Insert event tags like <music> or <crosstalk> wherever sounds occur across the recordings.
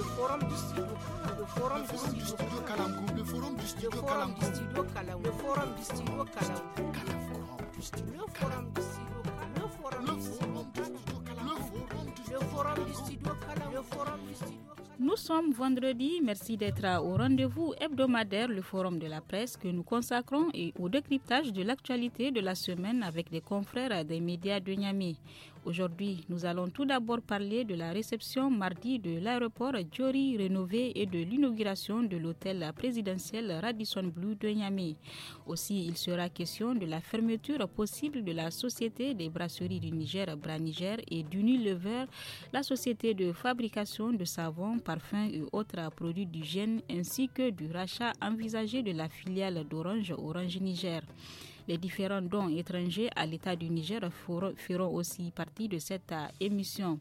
le forum du studio le forum du studio le forum du studio Kalamgou le forum du studio Kalamgou le forum du studio Kalamgou le le forum du studio le forum nous sommes vendredi, merci d'être au rendez-vous hebdomadaire, le forum de la presse que nous consacrons et au décryptage de l'actualité de la semaine avec des confrères des médias de Niamey. Aujourd'hui, nous allons tout d'abord parler de la réception mardi de l'aéroport Diori rénové et de l'inauguration de l'hôtel présidentiel Radisson Blue de Niamey. Aussi, il sera question de la fermeture possible de la Société des brasseries du Niger, Braniger et d'Unilever, la société de fabrication de savons, parfums et autres produits d'hygiène, ainsi que du rachat envisagé de la filiale d'Orange Orange Niger. Les différents dons étrangers à l'État du Niger feront aussi partie de cette euh, émission.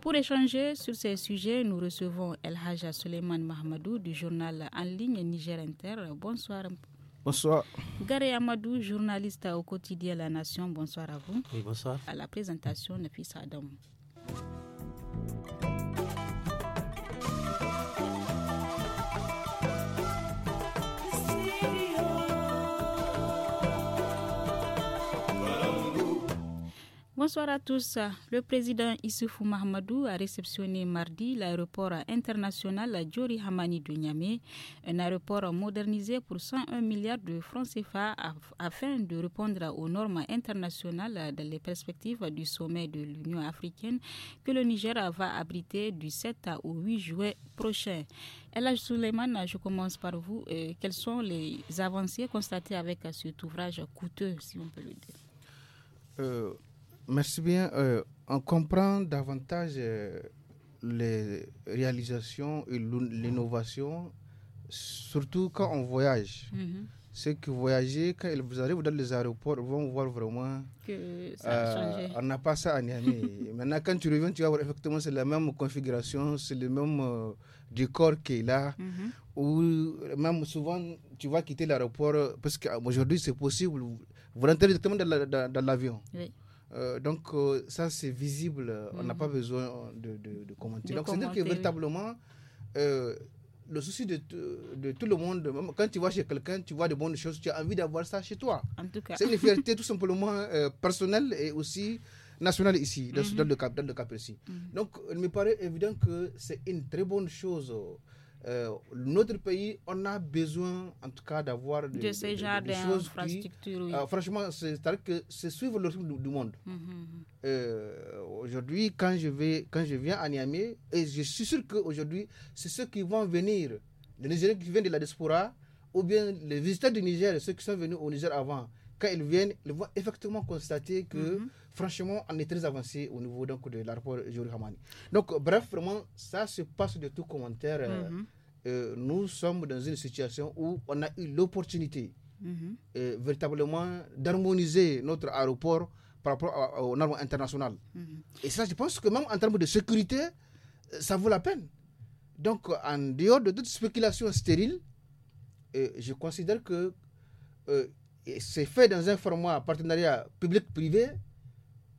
Pour échanger sur ces sujets, nous recevons El Haja Soleiman Mahamadou du journal en ligne Niger Inter. Bonsoir. Bonsoir. Gary Amadou, journaliste au quotidien La Nation. Bonsoir à vous. Oui, bonsoir. À la présentation, fils Adam. Bonsoir à tous. Le président Issoufou Mahmadou a réceptionné mardi l'aéroport international Djori Hamani de Niamey, un aéroport modernisé pour 101 milliards de francs CFA afin de répondre aux normes internationales dans les perspectives du sommet de l'Union africaine que le Niger va abriter du 7 au 8 juillet prochain. Ella Souleymane, je commence par vous. Euh, quelles sont les avancées constatées avec cet ouvrage coûteux, si on peut le dire euh, Merci bien. Euh, on comprend davantage euh, les réalisations et l'innovation, surtout quand on voyage. Mm-hmm. C'est que Ceux qui voyagent, quand vous arrivent dans les aéroports, vont voir vraiment que ça a euh, changé. On n'a pas ça à Niamey. <laughs> Maintenant, quand tu reviens, tu vas voir effectivement, c'est la même configuration, c'est le même décor qui est là. Mm-hmm. Ou même souvent, tu vas quitter l'aéroport, parce qu'aujourd'hui, c'est possible. Vous rentrez directement dans l'avion. Euh, donc euh, ça c'est visible, euh, on n'a mhm. pas besoin de, commenter. donc c'est-à-dire que véritablement, le souci de, de, tout le monde, quand tu vois chez quelqu'un, tu vois de bonnes choses, tu as envie d'avoir ça chez toi. C'est une fierté tout simplement personnelle et aussi nationale ici, dans, mhm. le, Cap dans mhm. Donc il me paraît évident que c'est une très bonne chose euh, notre pays, on a besoin en tout cas d'avoir de, ces franchement, c'est-à-dire que c'est suivre le rythme du, monde. Mm-hmm, mm-hmm. Euh, aujourd'hui, quand je vais, quand je viens à Niamey, et je suis sûr qu'aujourd'hui, c'est ceux qui vont venir, les Nigériens qui viennent de la diaspora, ou bien les visiteurs du Niger, ceux qui sont venus au Niger avant, quand ils viennent, ils vont effectivement constater que mm-hmm franchement, on est très avancé au niveau donc, de l'aéroport Jouri Hamani. Donc, bref, vraiment, ça se passe de tout commentaire. Euh, mhm. euh, nous sommes dans une situation où on a eu l'opportunité mhm. euh, véritablement d'harmoniser notre aéroport par rapport aux normes internationales. Mhm. Et ça, je pense que même en termes de sécurité, ça vaut la peine. Donc, en dehors de toute spéculation stérile, je considère que c'est fait dans un format partenariat public-privé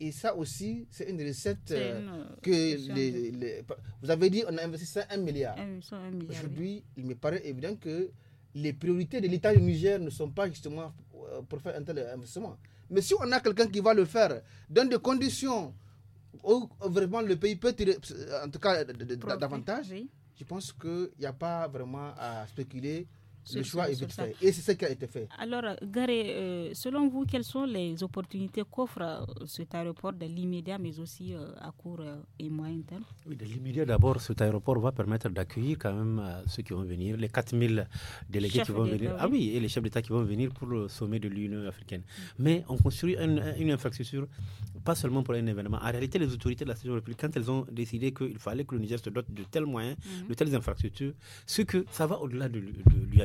et ça aussi, c'est une recette euh, que les, vous avez dit, on a investi 101 milliards. milliard, Aujourd'hui, il me paraît évident que les priorités de l'État du Niger ne sont pas justement euh, pour faire un tel investissement. Mais si on a quelqu'un qui va le faire dans des conditions où vraiment le pays peut tirer, en tout cas, davantage, je pense qu'il n'y a pas vraiment à spéculer le choix est fait. Et c'est ce qui a été fait. Alors, Garé, euh, selon vous, quelles sont les opportunités qu'offre euh, cet aéroport de l'immédiat, mais aussi euh, à court et moyen terme Oui, de l'immédiat, d'abord, cet aéroport va permettre d'accueillir quand même ceux qui vont venir, les 4000 délégués qui vont venir. Ah oui, et les chefs d'État qui vont venir pour le sommet de l'Union africaine. Mais on construit une, infrastructure, pas seulement pour un événement. En réalité, les autorités de la République, quand elles ont décidé qu'il fallait que le Niger se dote de tels moyens, mhm. de telles infrastructures, ce que ça va au-delà de, de, de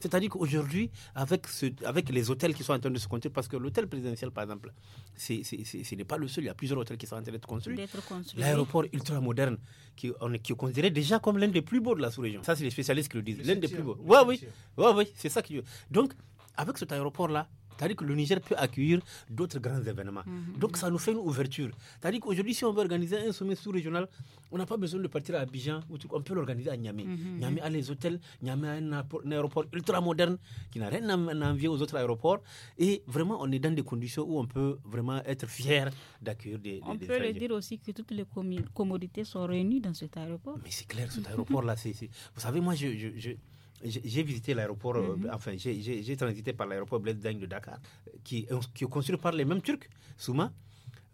c'est-à-dire qu'aujourd'hui, avec, avec les hôtels qui sont en train de se construire, parce que l'hôtel présidentiel, par exemple, ce n'est pas le seul, il y a plusieurs hôtels qui sont en train d'être construits. L'aéroport ultra-moderne, qui, est considéré déjà comme l'un des plus beaux de la sous-région. Ça, c'est les spécialistes qui le disent, l'un des plus beaux. Ouais, oui, oui, c'est ça qui... Donc, avec cet aéroport-là, c'est-à-dire que le Niger peut accueillir d'autres grands événements. Mhm. Donc ça nous fait une ouverture. C'est-à-dire qu'aujourd'hui, si on veut organiser un sommet sous-régional, on n'a pas besoin de partir à Abidjan. On peut l'organiser à Niamey. Mhm. Niamey a les hôtels, Niamey a un aéroport ultra moderne qui n'a rien à envier aux autres aéroports. Et vraiment, on est dans des conditions où on peut vraiment être fier d'accueillir des, des, On peut le dire aussi que toutes les commodités sont réunies dans cet aéroport. Mais c'est clair, cet aéroport-là, c'est... Vous savez, moi, je j'ai visité l'aéroport, euh, mhm. enfin, j'ai transité par l'aéroport Blaise Diagne de Dakar, qui, qui est construit par les mêmes Turcs, Souma.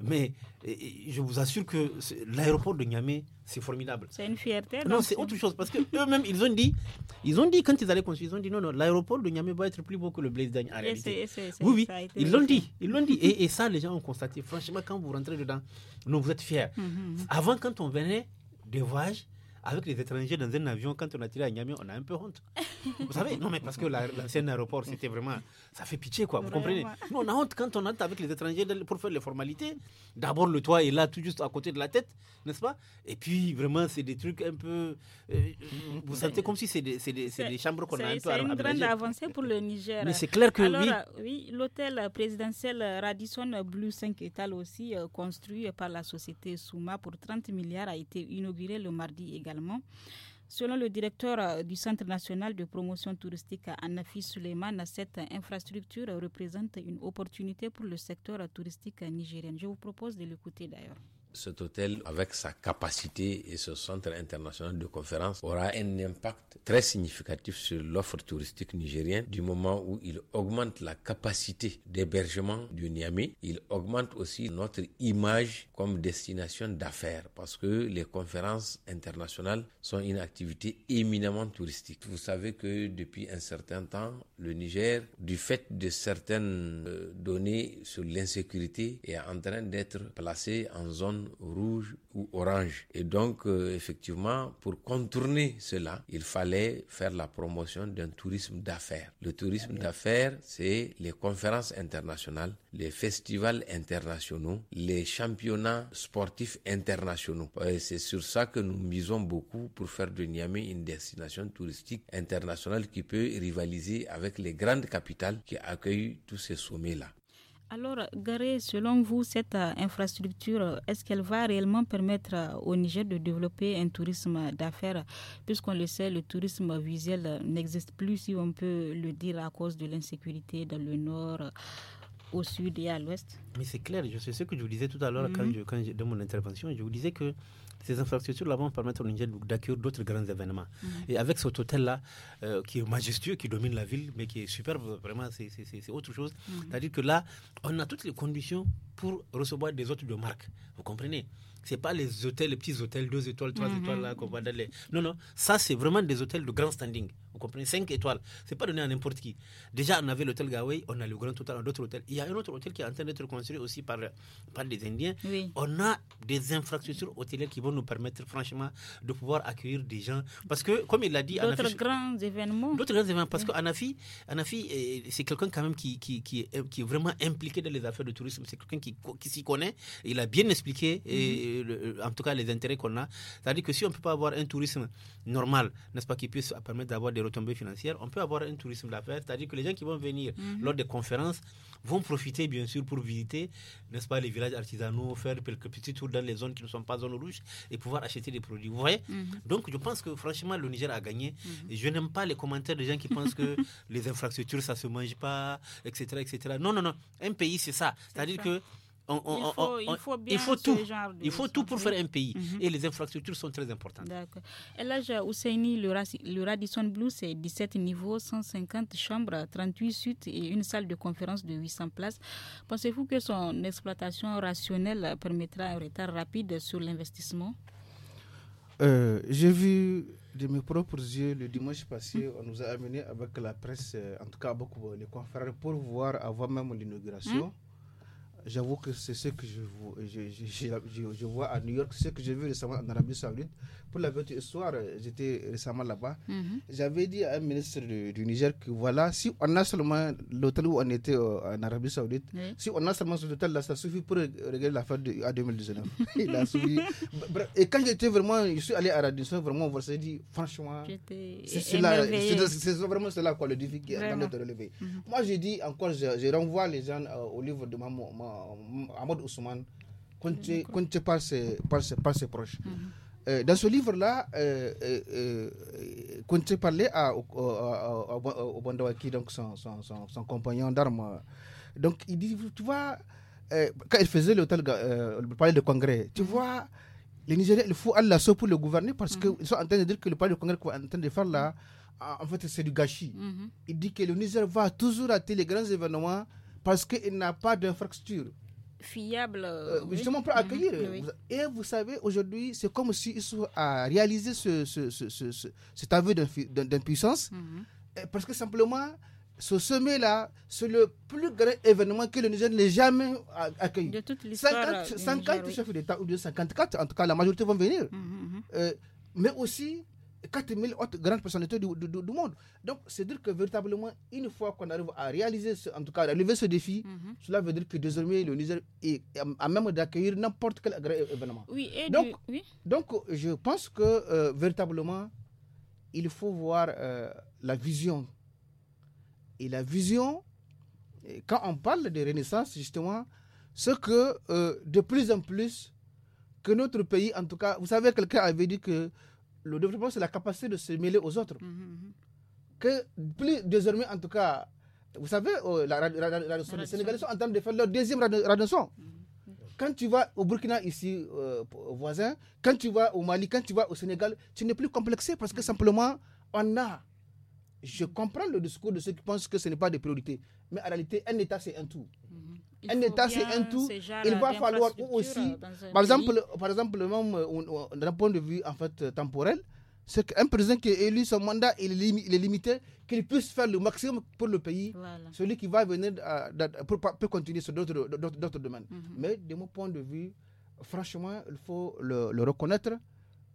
Mais je vous assure que l'aéroport de Niamey, c'est formidable. C'est une fierté. Non, c'est autre chose parce que eux-mêmes, ils ont dit, ils ont dit quand ils allaient construire, ils ont dit non, non, l'aéroport de Niamey va être plus beau que le Blaise Dagne. oui, oui, ils l'ont dit, ils l'ont dit. Et, ça, les gens ont constaté. Franchement, quand vous rentrez dedans, non, vous êtes fiers. Mhm. Avant, quand on venait des voyages, avec les étrangers dans un avion, quand on a tiré à Niamey, on a un peu honte. Vous savez, non, mais parce que l'ancien aéroport, c'était vraiment. Ça fait pitié, quoi. Vous comprenez Non, on a honte quand on entre avec les étrangers pour faire les formalités. D'abord, le toit est là, tout juste à côté de la tête, n'est-ce pas Et puis, vraiment, c'est des trucs un peu. Euh, vous sentez comme si c'est des, des, chambres qu'on a un peu C'est une grande avancée pour le Niger. Mais c'est clair que oui. l'hôtel présidentiel Radisson Blue 5 étals aussi, euh, construit par la société Souma pour 30 milliards, a été inauguré le mardi également Selon le directeur euh, du Centre national de promotion touristique Anafi Suleiman, cette infrastructure représente une opportunité pour le secteur touristique nigérien. Je vous propose de l'écouter d'ailleurs. Cet hôtel, avec sa capacité et ce centre international de conférence, aura un impact très significatif sur l'offre touristique nigérienne du moment où il augmente la capacité d'hébergement du Niamey. Il augmente aussi notre image comme destination d'affaires parce que les conférences internationales sont une activité éminemment touristique. Vous savez que depuis un certain temps, le Niger, du fait de certaines euh, données sur l'insécurité, est en train d'être placé en zone rouge ou orange. Et donc, euh, effectivement, pour contourner cela, il fallait faire la promotion d'un tourisme d'affaires. Le tourisme d'affaires, c'est les conférences internationales, les festivals internationaux, les championnats sportifs internationaux. Euh, c'est sur ça que nous misons beaucoup pour faire de Niamey une destination touristique internationale qui peut rivaliser avec les grandes capitales qui accueillent tous ces sommets-là. Alors, Garé, selon vous, cette euh, infrastructure, est-ce qu'elle va réellement permettre euh, au Niger de développer un tourisme d'affaires Puisqu'on le sait, le tourisme visuel euh, n'existe plus, si on peut le dire, à cause de l'insécurité dans le nord, au sud et à l'ouest. Mais c'est clair, Je sais ce que je vous disais tout à l'heure quand, mhm. quand dans mon intervention. Je vous disais que ces infrastructures-là vont permettre au Niger d'accueillir d'autres grands événements. Mhm. Et avec cet hôtel-là, euh, qui est majestueux, qui domine la ville, mais qui est superbe, vraiment, c'est autre chose. Mhm. C'est-à-dire que là, on a toutes les conditions pour recevoir des hôtes de marque. Vous comprenez c'est pas les hôtels, les petits hôtels, deux étoiles, trois mhm. étoiles là qu'on va aller Non, non, ça c'est vraiment des hôtels de grand standing. Vous comprenez, cinq étoiles, c'est pas donné à n'importe qui. Déjà, on avait l'hôtel Gawai, on a le Grand Total, d'autres hôtels. Il y a un autre hôtel qui est en train d'être construit aussi par, par des Indiens. On a des infrastructures hôtelières qui vont nous permettre, franchement, de pouvoir accueillir des gens. Parce que, comme il l'a dit, d'autres grands événements. D'autres grands événements, parce oui. qu'Anafi, eh, c'est quelqu'un quand même qui, qui, qui, est, qui, est, vraiment impliqué dans les affaires de tourisme. C'est quelqu'un qui, s'y connaît. Il a bien expliqué. Mhm en tout cas les intérêts qu'on a. C'est-à-dire que si on ne peut pas avoir un tourisme normal, n'est-ce pas, qui puisse permettre d'avoir des retombées financières, on peut avoir un tourisme d'affaires. C'est-à-dire que les gens qui vont venir mhm. lors des conférences vont profiter, bien sûr, pour visiter, n'est-ce pas, les villages artisanaux, faire quelques petits tours dans les zones qui ne sont pas zones rouges et pouvoir acheter des produits. Vous voyez mhm. Donc, je pense que franchement, le Niger a gagné. Mhm. Et je n'aime pas les commentaires des gens qui pensent que <laughs> les infrastructures, ça ne se mange pas, etc., etc. Non, non, non. Un pays, c'est ça. C'est-à-dire que il, faut, tout. il faut tout pour faire un pays. Mhm. Et les infrastructures sont très importantes. D'accord. Et là, Ousseini, le, Radisson Blue, c'est 17 niveaux, 150 chambres, 38 suites et une salle de conférence de 800 places. Pensez-vous que son exploitation rationnelle permettra un retard rapide sur l'investissement euh, J'ai vu de mes propres yeux le dimanche passé, hmm. on nous a amené avec la presse, euh, en tout cas beaucoup de confrères, pour voir avant même l'inauguration. Hmm. J'avoue que c'est ce que je vois, à New York, ce que j'ai vu récemment en Arabie Saoudite. Pour la petite histoire, j'étais récemment là-bas. Mhm. J'avais dit à un ministre du, Niger que voilà, si on a seulement l'hôtel où on était euh, en Arabie Saoudite, si on a seulement cet hôtel-là, ça suffit pour régler l'affaire de, à 2019. <laughs> Il a Et quand j'étais vraiment, je suis allé à Radisson, vraiment, on s'est dit, franchement, c'est vraiment cela, quoi, le défi qui est en train de relever. Mhm. Moi, j'ai dit encore, je, renvoie les gens euh, au livre de maman. Ma, Ahmad Ousmane, quand hmm. par ses, par ses, par ses proches. Hmm. Euh, dans ce livre-là, quand euh, euh, euh parlait à, au donc son, son, compagnon d'armes. Donc il dit, tu vois, quand il faisait l'hôtel, le palais de congrès, tu hmm. vois, les Nigériens, il faut Allah pour le gouverner parce que qu'ils sont en train de dire que le palais de congrès qu'on est en train de faire là, en fait, c'est du gâchis. Il dit que le Niger va toujours rater les grands événements parce qu'il n'a pas fracture fiable. Euh, euh, justement pour accueillir. Mhm. Et vous savez, aujourd'hui, c'est comme s'ils si a réalisé ce, ce, ce, ce cet aveu d'impuissance, mhm. parce que simplement, ce sommet-là, c'est le plus grand événement que le Niger n'ait jamais accueilli. De 50, 50 euh, chefs d'État, ou de 54, en tout cas, la majorité vont venir. Mhm, mais aussi, 4000 autres grandes personnalités du, monde. Donc, c'est dire que véritablement, une fois qu'on arrive à réaliser, en tout cas, à relever ce défi, mhm. cela veut dire que désormais, le Niger est à même d'accueillir n'importe quel événement. Oui, et donc, donc, je pense que euh, véritablement, il faut voir euh, la vision. Et la vision, quand on parle de renaissance, justement, ce que euh, de plus en plus, que notre pays, en tout cas, vous savez, quelqu'un avait dit que le développement, c'est la capacité de se mêler aux autres. Mhm, mhm. que plus désormais, en tout cas, vous savez, oh, la, la, les Sénégalais sont en train de faire leur deuxième radisson. Mhm, quand tu vas au Burkina, ici, euh, voisin, quand tu vas au Mali, quand tu vas au Sénégal, tu n'es plus complexé parce que simplement, on a. Je comprends le discours de ceux qui pensent que ce n'est pas des priorités. Mais en réalité, un État, c'est un tout un État, c'est un tout. Il va falloir aussi, par exemple, par exemple, euh, d'un point de vue en fait euh, temporel, c'est qu'un président qui est élu, son mandat il est, limité, qu'il puisse faire le maximum pour le pays. Celui qui va venir peut continuer sur d'autres domaines. Mhm. Mais de mon point de vue, franchement, il faut le, reconnaître,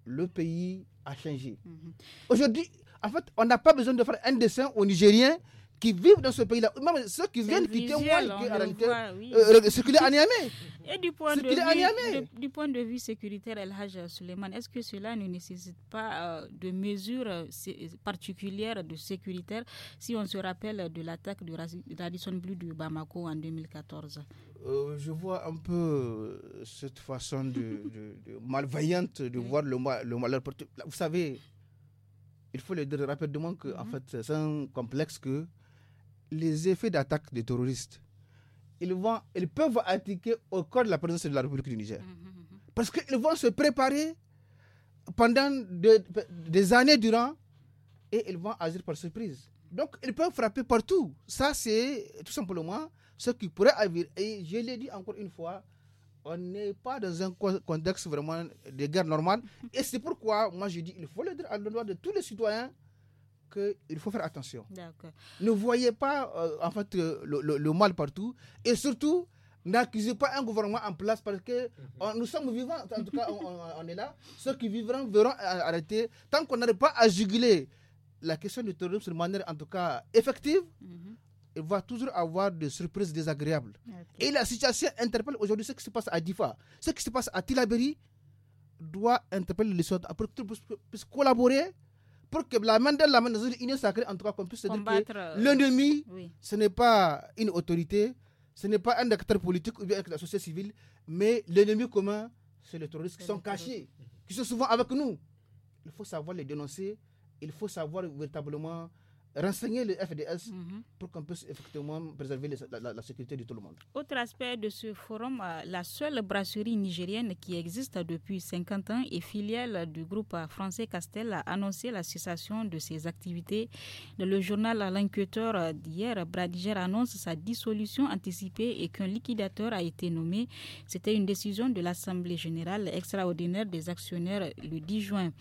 le pays a changé. Mhm. Aujourd'hui, en fait, on n'a pas besoin de faire un dessin aux Nigériens qui vivent dans ce pays-là, ceux qui viennent quitter moi, à hein, euh, Niamey. <laughs> du point, de vue, du point de vue sécuritaire, El Hajj Suleiman, est-ce que cela ne nécessite pas euh, de mesures euh, particulières de sécuritaire si on se rappelle de l'attaque de Radisson Blue de Bamako en 2014 Je vois un peu cette façon de, malveillante de voir le, le malheur. Vous savez, il faut le dire rapidement que, en mhm. fait, c'est un complexe que les effets d'attaque des terroristes, ils, vont, ils peuvent attaquer au corps de la présence de la République du Niger. Parce qu'ils vont se préparer pendant des années durant et ils vont agir par surprise. Donc, ils peuvent frapper partout. Ça, c'est tout simplement ce qui pourrait arriver. Et je l'ai dit encore une fois, on n'est pas dans un contexte vraiment de guerre normale. Et c'est pourquoi, moi, je dis, il faut le dire à l'endroit de tous les citoyens il faut faire attention. Ne voyez pas euh, en fait, euh, le, le, mal partout et surtout n'accusez pas un gouvernement en place parce que mhm. nous sommes vivants, en tout cas on, est là. Ceux qui vivront verront arrêter. Tant qu'on n'arrive pas à juguler la question du terrorisme de manière en tout cas effective, mhm. il va toujours avoir des surprises désagréables. Et la situation interpelle aujourd'hui ce qui se passe à Difa, ce qui se passe à Tilaberi doit interpeller les soldats pour monde collaborer pour que la main la main dans une union sacrée, en tout cas, qu'on puisse dire que euh, l'ennemi, ce n'est pas une autorité, ce n'est pas un acteur politique ou bien la société civile, mais l'ennemi commun, c'est les terroristes qui sont cachés, qui sont souvent avec nous. Il faut savoir les dénoncer, il faut savoir véritablement renseigner le FDS mhm. pour qu'on puisse effectivement préserver la, sécurité de tout le monde. Autre aspect de ce forum, euh, la seule brasserie nigérienne qui existe depuis 50 ans et filiale du groupe français Castel a annoncé la cessation de ses activités. Dans le journal l'Inquêteur d'hier, Bradiger annonce sa dissolution anticipée et qu'un liquidateur a été nommé. C'était une décision de l'Assemblée générale extraordinaire des actionnaires le 10 juin.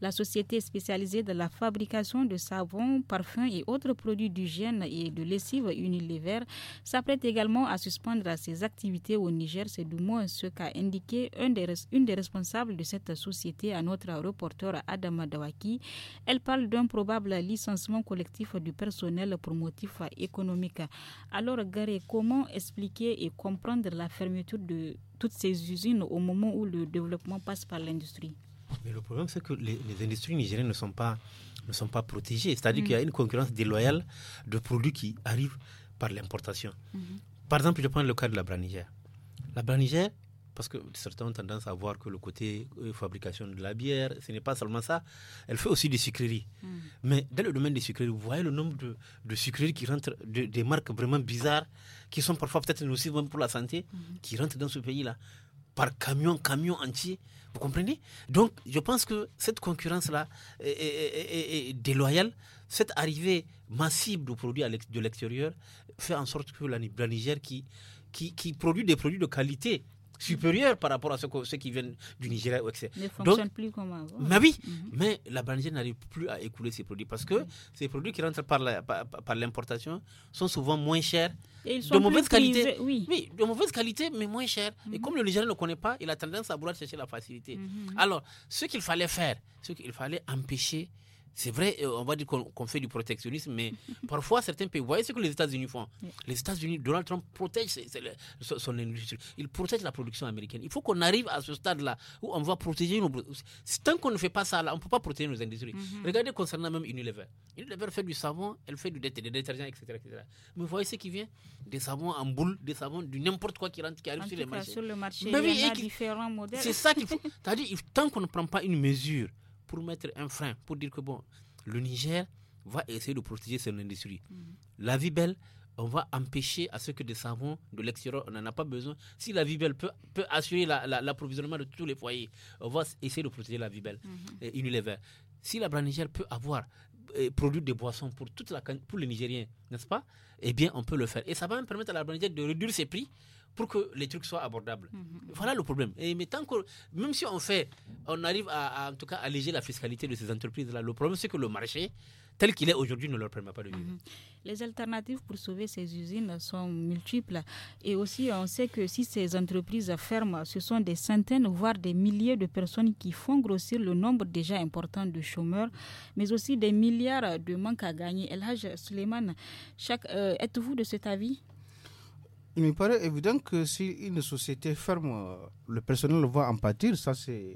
La société spécialisée de la fabrication de savons, parfums, et autres produits d'hygiène et de lessive Unilever s'apprête également à suspendre ses activités au Niger. C'est du moins ce qu'a indiqué une des, responsables de cette société à notre reporter Adam Dawaki. Elle parle d'un probable licenciement collectif du personnel pour motif économique. Alors, Gary, comment expliquer et comprendre la fermeture de toutes ces usines au moment où le développement passe par l'industrie Mais le problème, c'est que les, les industries nigériennes ne sont pas ne sont pas protégés. C'est-à-dire qu'il y a mm. une concurrence déloyale de produits qui arrivent par l'importation. Mm-hmm. Par exemple, je prends le cas de la branigère. La branigère, parce que certains ont tendance à voir que le côté euh, fabrication de la bière, ce n'est pas seulement ça, elle fait aussi des sucreries. Mm. Mais dans le domaine des sucreries, vous voyez le nombre de, sucreries qui rentrent, de, des marques vraiment bizarres, qui sont parfois peut-être nocives même pour la santé, mm-hmm. qui rentrent dans ce pays-là, par camion, camion entier. Vous comprenez Donc, je pense que cette concurrence-là est, déloyale. Cette arrivée massive de produits de l'extérieur fait en sorte que la, Niger, qui, qui, produit des produits de qualité, supérieure par rapport à ceux, qui viennent du Nigeria ou etc. Ne fonctionne plus comme avant. Mais oui, mhm. mais la banlieue n'arrive plus à écouler ces produits parce que ces produits qui rentrent par l'importation par, sont souvent moins chers. de mauvaise qualité. oui. de mauvaise qualité, mais moins cher. Et mhm. comme le Nigeria ne connaît pas, il a tendance à vouloir chercher la facilité. Mhm. Alors, ce qu'il fallait faire, ce qu'il fallait empêcher c'est vrai, euh, on va dire qu'on fait du protectionnisme, mais <laughs> parfois certains pays, vous voyez ce que les États-Unis font. Les États-Unis, Donald Trump protège son, industrie, il protège la production américaine. Il faut qu'on arrive à ce stade-là où on va protéger nos. Tant qu'on ne fait pas ça, là, on ne peut pas protéger nos industries. Mm-hmm. Regardez concernant même Unilever. Unilever fait du savon, elle fait du détergent, etc., Mais vous voyez ce qui vient Des savons en boule, des savons du n'importe quoi qui rentre, qui arrive sur, les le marché. Mais ben il y, a différents modèles. C'est ça qu'il faut. <laughs> C'est-à-dire, tant qu'on ne prend pas une mesure pour mettre un frein, pour dire que bon, le Niger va essayer de protéger son industrie. Mhm. La vie belle, on va empêcher à ce que des savons de l'extérieur, on n'en a pas besoin. Si la vie belle peut, assurer l'approvisionnement de tous les foyers, on va essayer de protéger la vie belle mhm. Si la Brand Niger peut avoir euh, produit des boissons pour, toute la, pour les Nigériens, n'est-ce pas Eh bien, on peut le faire. Et ça va même permettre à la Brand Niger de réduire ses prix pour que les trucs soient abordables. Mhm, mhm. Voilà le problème. Et tant que, même si on fait, on arrive à, en tout cas alléger la fiscalité de ces entreprises-là, le problème c'est que le marché tel qu'il est aujourd'hui ne leur permet pas de vivre. Mhm. Les alternatives pour sauver ces usines sont multiples et aussi on sait que si ces entreprises ferment, ce sont des centaines voire des milliers de personnes qui font grossir le nombre déjà important de chômeurs, mais aussi des milliards de manques à gagner. Haj Suleiman, euh, êtes-vous de cet avis il me paraît évident que si une société ferme, euh, le personnel va en pâtir, ça c'est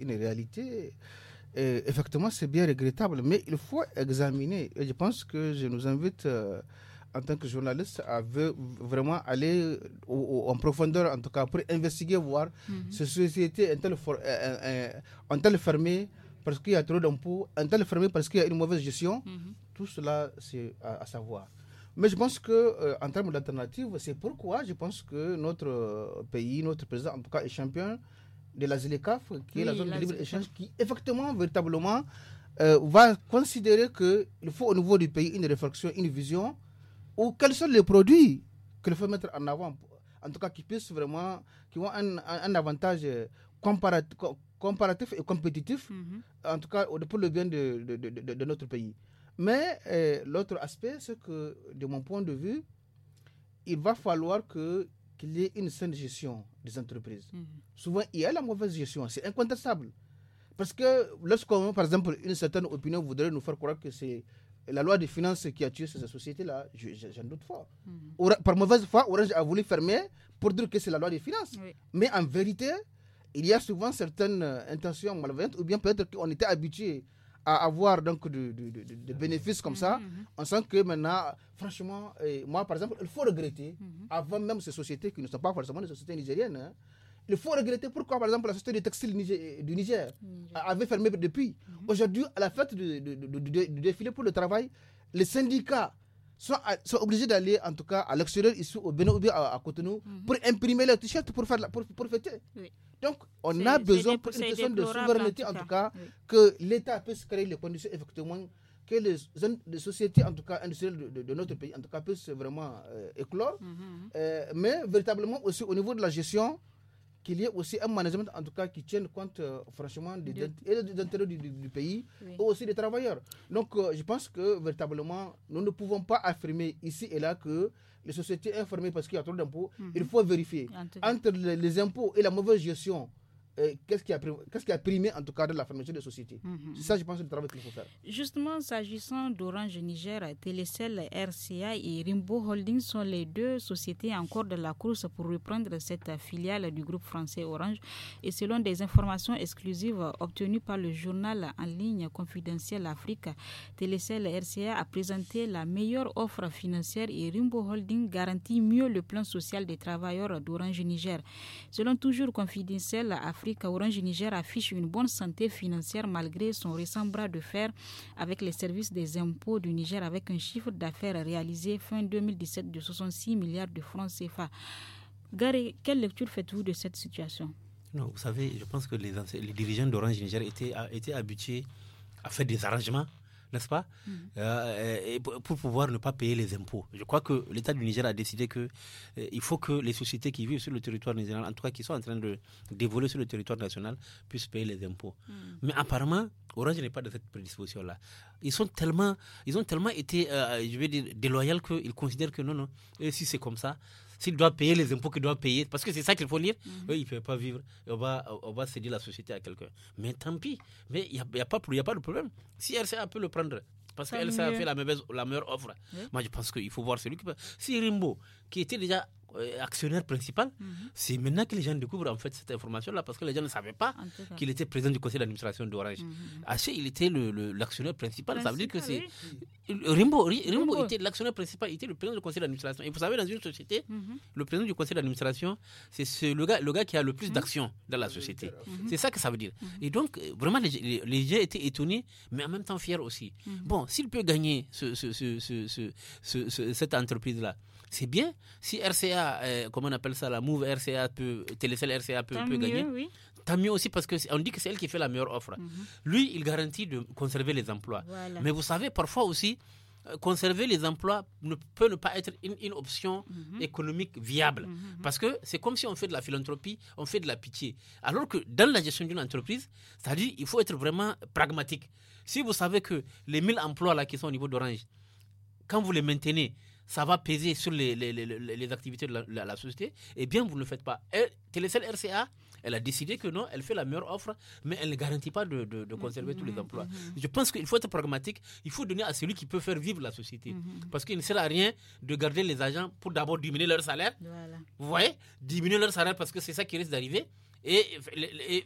une réalité. effectivement, c'est bien regrettable, mais il faut examiner. je pense que je nous invite, euh, en tant que journaliste, à vraiment aller en profondeur, en tout cas, pour investiguer, voir si -hmm. ces est ont fermé parce qu'il y a trop d'impôts, ont tel fermé parce qu'il y a une mauvaise gestion. Mhm. Tout cela, c'est à savoir. Mais je pense que euh, en termes d'alternative, c'est pourquoi je pense que notre euh, pays, notre président en tout cas, est champion de la ZLECAF, qui est la zone de libre-échange, qui effectivement, véritablement, euh, va considérer qu'il faut au niveau du pays une réflexion, une vision, ou quels sont les produits qu'il faut mettre en avant, en tout cas qui puissent vraiment, qui ont un, avantage comparatif, et compétitif, mm-hmm. en tout cas pour le bien de notre pays. Mais euh, l'autre aspect, c'est que, de mon point de vue, il va falloir que qu'il y ait une saine gestion des entreprises. Mhm. Souvent, il y a la mauvaise gestion, c'est incontestable. Parce que lorsqu'on, par exemple, une certaine opinion voudrait nous faire croire que c'est la loi des finances qui a tué ces sociétés-là, j'en doute fort. Mhm. Par mauvaise foi, Orange a voulu fermer pour dire que c'est la loi des finances. Mais en vérité, il y a souvent certaines euh, intentions malveillantes, ou bien peut-être qu'on était habitué à avoir donc de, de, de, bénéfices comme ça, mhm, mhm. on sent que maintenant, franchement, moi par exemple, il faut regretter, mhm, avant même ces sociétés qui ne sont pas forcément des sociétés nigériennes, hein, il faut regretter pourquoi, par exemple, la société de textile euh, du Niger avait fermé depuis. Aujourd'hui, à la fête du défilé pour le travail, les syndicats sont, obligés d'aller, en tout cas, à l'extérieur, ici, au Bénin ou bien à, côté Cotonou, mhm. pour imprimer leur t-shirt pour, faire pour, pour fêter. Donc, on a besoin, pour une question de souveraineté, en tout cas, que l'État puisse créer les conditions, effectivement, que les, sociétés, en tout cas industrielles de, notre pays, en tout cas, puissent vraiment euh, éclore. Mhm. Euh, mais véritablement aussi au niveau de la gestion, qu'il y ait aussi un management, en tout cas, qui tienne compte, euh, franchement, des intérêts du, pays et aussi des travailleurs. Donc, euh, je pense que, véritablement, nous ne pouvons pas affirmer ici et là que les sociétés informées, parce qu'il y a trop d'impôts, mhm. il faut vérifier. Entre, les impôts et la mauvaise gestion, qu'est-ce qui, a primé en tout cas de la formation des sociétés. Mhm. C'est ça, je pense, le travail qu'il faut faire. Justement, s'agissant d'Orange Niger, Telecel, RCA et Rimbo Holding sont les deux sociétés encore de la course pour reprendre cette filiale du groupe français Orange. Et selon des informations exclusives obtenues par le journal en ligne confidentiel Afrique, Telecel RCA a présenté la meilleure offre financière et Rimbo Holding garantit mieux le plan social des travailleurs d'Orange Niger. Selon toujours confidentiel Afrique, Orange Niger affiche une bonne santé financière malgré son récent bras de fer avec les services des impôts du Niger avec un chiffre d'affaires réalisé fin 2017 de 66 milliards de francs CFA. Gary, quelle lecture faites-vous de cette situation non, vous savez, je pense que les, dirigeants d'Orange Niger étaient habitués à faire des arrangements n'est-ce pas mm-hmm. euh, et Pour pouvoir ne pas payer les impôts. Je crois que l'État du Niger a décidé que euh, il faut que les sociétés qui vivent sur le territoire national, en tout cas qui sont en train de d'évoluer sur le territoire national, puissent payer les impôts. Mm. Mais apparemment, Orange n'est pas de cette prédisposition-là. Ils sont tellement, ils ont tellement été, euh, je vais dire, déloyaux qu'ils considèrent que non, non. si c'est comme ça, s'il doit payer les impôts qu'il doit payer, parce que c'est ça qu'il faut lire, Oui, mhm. il ne peut pas vivre. On va, on va céder la société à quelqu'un. Mais tant pis. Mais il n'y a, y a, pas, a pas de problème. Si elle un peu le prendre, parce qu'elle a fait la meilleure, offre, moi, je pense qu'il faut voir celui qui peut. Si Rimbaud, qui était déjà euh, actionnaire principal. Mhm. C'est maintenant que les gens découvrent en fait cette information-là parce que les gens ne savaient pas qu'il était président du conseil d'administration d'Orange. Mhm, mhm. Assez, ah, il était l'actionnaire le, principal. Ça veut dire que c'est. Rimbo, Rimbo, était l'actionnaire principal, il était le président du conseil d'administration. Et vous savez, dans une société, le président du conseil d'administration, c'est le, gars, le gars qui a le plus d'actions dans la société. C'est ça que ça veut dire. Et donc, euh, vraiment, les, les, gens étaient étonnés, mais en même temps fiers aussi. Bon, s'il peut gagner ce, ce, ce, cette entreprise-là, c'est bien. Si RCA, euh, comment on appelle ça, la Move RCA peut, Télécel RCA peut, gagner. Tant mieux aussi parce qu'on dit que c'est elle qui fait la meilleure offre. Mhm. Lui, il garantit de conserver les emplois. Mais vous savez, parfois aussi, euh, conserver les emplois ne peut ne pas être une, option mhm. économique viable. Mhm, parce que c'est comme si on fait de la philanthropie, on fait de la pitié. Alors que dans la gestion d'une entreprise, c'est-à-dire il faut être vraiment pragmatique. Si vous savez que les 1000 emplois là qui sont au niveau d'Orange, quand vous les maintenez, ça va peser sur les, les, les, les activités de la, société, eh bien, vous ne le faites pas. Elle, celle RCA, elle a décidé que non, elle fait la meilleure offre, mais elle ne garantit pas de, de, conserver tous les mhm. emplois. Mhm. Je pense qu'il faut être pragmatique, il faut donner à celui qui peut faire vivre la société. Mhm. Parce qu'il ne sert à rien de garder les agents pour d'abord diminuer leur salaire. Vous voyez Diminuer leur salaire parce que c'est ça qui risque d'arriver. Et,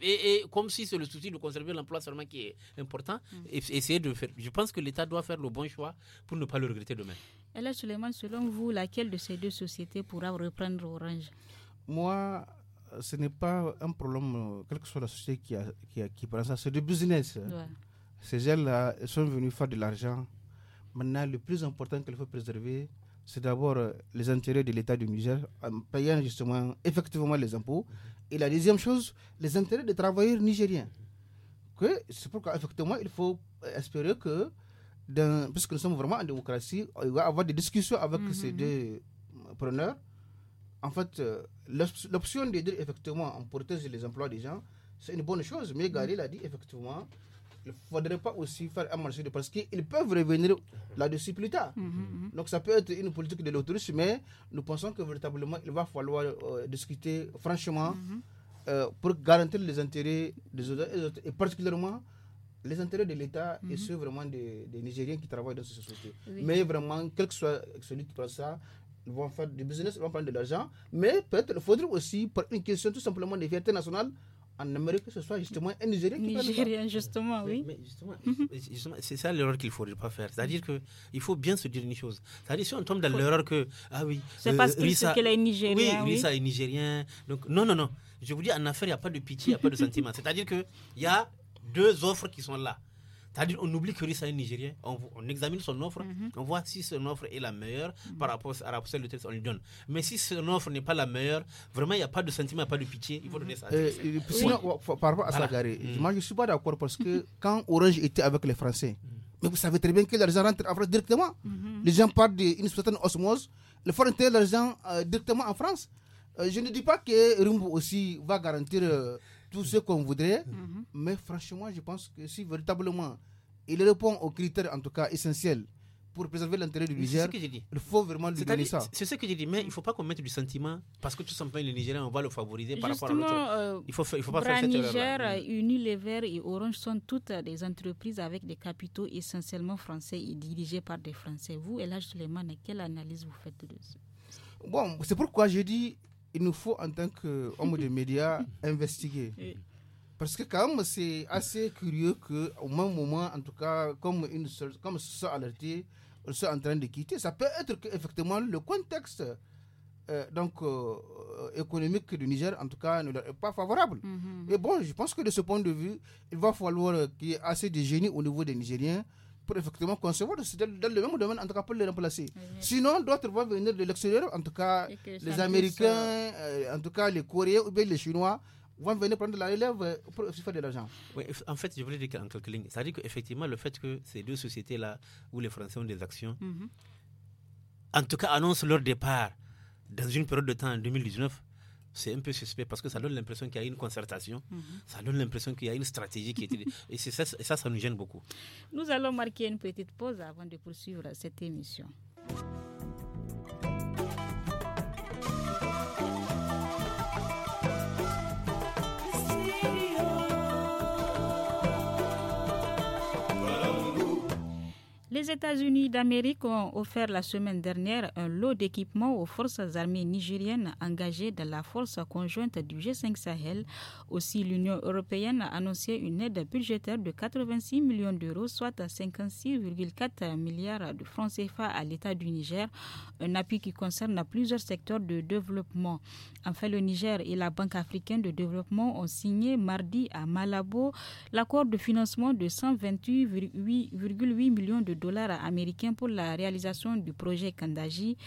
et, comme si c'est le souci de conserver l'emploi seulement qui est important, mm. essayer de faire. Je pense que l'État doit faire le bon choix pour ne pas le regretter demain. Et là, Suleiman, selon vous, laquelle de ces deux sociétés pourra reprendre Orange Moi, ce n'est pas un problème, euh, quelle que soit la société qui, a, qui, qui prend ça, c'est du business. Ces gens-là sont venus faire de l'argent. Maintenant, le plus important qu'il faut préserver, c'est d'abord euh, les intérêts de l'État du Niger en payant justement effectivement les impôts, et la deuxième chose, les intérêts des travailleurs nigériens. c'est pourquoi, effectivement, il faut espérer que, puisque nous sommes vraiment en démocratie, il va y avoir des discussions avec mhm. ces deux preneurs. En fait, euh, l'option de dire, effectivement, on protège les emplois des gens, c'est une bonne chose. Mais Gary l'a dit, effectivement, il ne faudrait pas aussi faire un marché de parce qu'ils peuvent revenir là-dessus plus tard. Mhm, mhm. Donc ça peut être une politique de l'autorité, mais nous pensons que véritablement, il va falloir euh, discuter franchement mhm. euh, pour garantir les intérêts des autres, et particulièrement les intérêts de l'État et ceux vraiment des, Nigériens qui travaillent dans ces sociétés. Mais vraiment, quel que soit celui qui prend ça, ils vont faire du business, ils vont prendre de l'argent. Mais peut-être il faudrait aussi, pour une question tout simplement de fierté nationale, en Amérique, que ce soit justement un Nigérien qui Nigérien, justement, oui. Mais, mhm. justement, c'est ça l'erreur qu'il ne faudrait pas faire. C'est-à-dire qu'il faut bien se dire une chose. C'est-à-dire si on tombe dans l'erreur que, ah oui, c'est parce euh, qu'il qu'elle est nigérienne. Oui, oui. Lisa est nigérien. Donc, non, non, non. Je vous dis, en affaires, il n'y a pas de pitié, il n'y a pas de sentiment. C'est-à-dire qu'il y a deux offres qui sont là. C'est-à-dire qu'on oublie que Rissa est nigérien, on, examine son offre, mhm. on voit si son offre est la meilleure par rapport à celle de on lui donne. Mais si son offre n'est pas la meilleure, vraiment il n'y a pas de sentiment, il n'y a pas de pitié, il faut donner ça. Euh, euh, oui. sinon, par rapport à voilà. Mhm. moi je ne suis pas d'accord parce que quand Orange était avec les Français, mhm. mais vous savez très bien que l'argent rentre en France directement. Les gens partent d'une certaine osmose, les frontières l'argent euh, directement en France. Euh, je ne dis pas que Rumbo aussi va garantir tout ce qu'on voudrait. Mhm. Mais franchement, je pense que si véritablement il répond aux critères, en tout cas essentiels, pour préserver l'intérêt du Niger, il faut vraiment lui donner ça. C'est ce que j'ai dit, mais il ne faut pas qu'on mette du sentiment, parce que tout simplement, le Nigérien, on va le favoriser par rapport à l'autre. Euh, il faut, il faut pas faire cette Niger, mm. euh, Unilever et Orange sont toutes des entreprises avec des capitaux essentiellement français et dirigées par des Français. Vous, Elage Suleiman, quelle analyse vous faites de ça Bon, c'est pourquoi j'ai dit il nous faut en tant qu'homme de médias <laughs> investiguer. Parce que quand même, c'est assez curieux qu'au même moment, en tout cas, comme, une, comme se sont alertés, ils sont en train de quitter. Ça peut être que, effectivement le contexte euh, donc, euh, économique du Niger, en tout cas, ne leur pas favorable. Mais mhm. bon, je pense que de ce point de vue, il va falloir qu'il y ait assez de génie au niveau des Nigériens pour effectivement concevoir dans le même domaine, en tout cas pour les remplacer. Sinon, d'autres vont venir de l'extérieur, en tout cas les Américains, euh, en tout cas les Coréens ou bien les Chinois vont venir prendre la relève pour faire de l'argent. Oui, en fait, je voulais dire en quelques lignes, ça à dire qu'effectivement, le fait que ces deux sociétés-là, où les Français ont des actions, mhm. en tout cas annoncent leur départ dans une période de temps en 2019, c'est un peu suspect parce que ça donne l'impression qu'il y a une concertation, mhm. ça donne l'impression qu'il y a une stratégie qui est... <laughs> et et ça, ça nous gêne beaucoup. Nous allons marquer une petite pause avant de poursuivre cette émission. Les États-Unis d'Amérique ont offert la semaine dernière un lot d'équipements aux forces armées nigériennes engagées dans la force conjointe du G5 Sahel. Aussi, l'Union européenne a annoncé une aide budgétaire de 86 millions d'euros, soit 56,4 milliards de francs CFA à l'État du Niger, un appui qui concerne plusieurs secteurs de développement. Enfin, le Niger et la Banque africaine de développement ont signé mardi à Malabo l'accord de financement de 128,8 millions de dollars américain pour la réalisation du projet Kandaji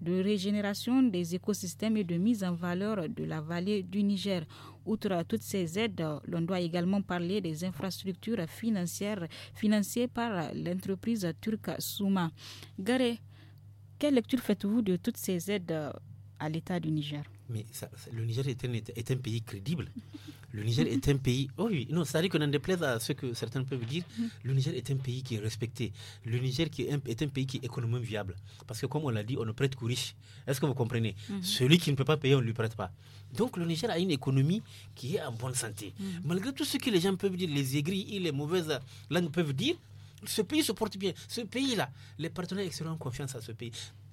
de régénération des écosystèmes et de mise en valeur de la vallée du Niger. Outre toutes ces aides, l'on doit également parler des infrastructures financières financées par l'entreprise turque Suma. Garé, quelle lecture faites-vous de toutes ces aides à l'État du Niger mais le Niger est un pays crédible le Niger mm-hmm. est un pays. Oh oui, non, ça qu'on en déplaise à ce que certains peuvent dire. Mm-hmm. Le Niger est un pays qui est respecté. Le Niger qui est, un, est un pays qui est économiquement viable. Parce que, comme on l'a dit, on ne prête qu'aux riches. Est-ce que vous comprenez mm-hmm. Celui qui ne peut pas payer, on ne lui prête pas. Donc, le Niger a une économie qui est en bonne santé. Malgré tout ce que les gens peuvent dire, les aigris, les mauvaises langues peuvent dire, ce pays se porte bien. Ce pays-là, les partenaires une ont confiance à ce pays.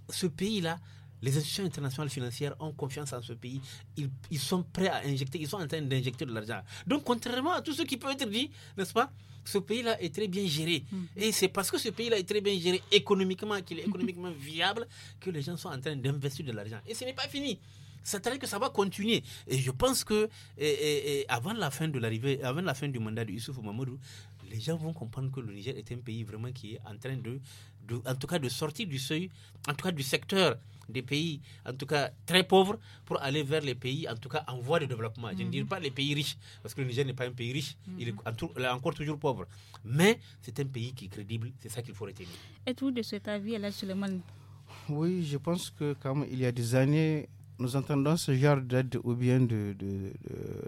Ce pays-là, les institutions internationales financières ont confiance en ce pays. Ils, sont prêts à injecter, ils sont en train d'injecter de l'argent. Donc, contrairement à tout ce qui peut être dit, n'est-ce pas ce pays-là est très bien géré. Mm. Et c'est parce que ce pays-là est très bien géré économiquement, qu'il est économiquement <laughs> viable, que les gens sont en train d'investir de l'argent. Et ce n'est pas fini c'est-à-dire que ça va continuer. Et je pense que avant la fin de l'arrivée, avant la fin du mandat de Youssouf Mamadou, les gens vont comprendre que le Niger est un pays vraiment qui est en train de en tout cas de sortir du seuil, en tout cas du secteur des pays, en tout cas très pauvres, pour aller vers les pays, en tout cas en voie de développement. Je ne dis mhm. pas les pays riches, parce que le Niger n'est pas un pays riche, mhm. il, est encore toujours pauvre. Mais c'est un pays qui est crédible, c'est ça qu'il faut retenir. Êtes-vous de cet avis, Alain Suleiman Oui, je pense que comme il y a des années, nous entendons ce genre d'aide ou bien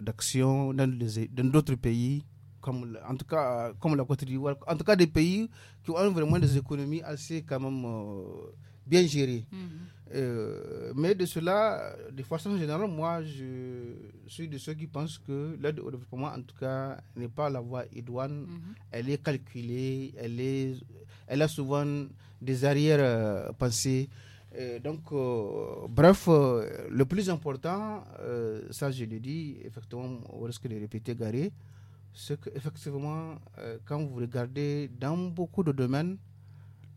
d'action de, d'action dans d'autres pays en tout cas, comme la Côte d'Ivoire, en tout cas des pays qui ont vraiment des économies assez quand même euh, bien gérées. Mhm. Euh, mais de cela, de façon générale, moi, je suis de ceux qui pensent que l'aide au développement, en tout cas, n'est pas la voie idoine. Mhm. Elle est calculée, elle, est, elle a souvent des arrières euh, pensées donc, bref, le plus important, ça je le dis, effectivement, au risque de répéter Garé, c'est qu'effectivement, euh, quand vous regardez dans beaucoup de domaines,